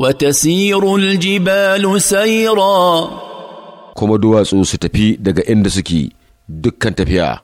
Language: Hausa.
وتسير الجبال سيرا كما دواتسو ستفي دقا اندسكي دكان تفيا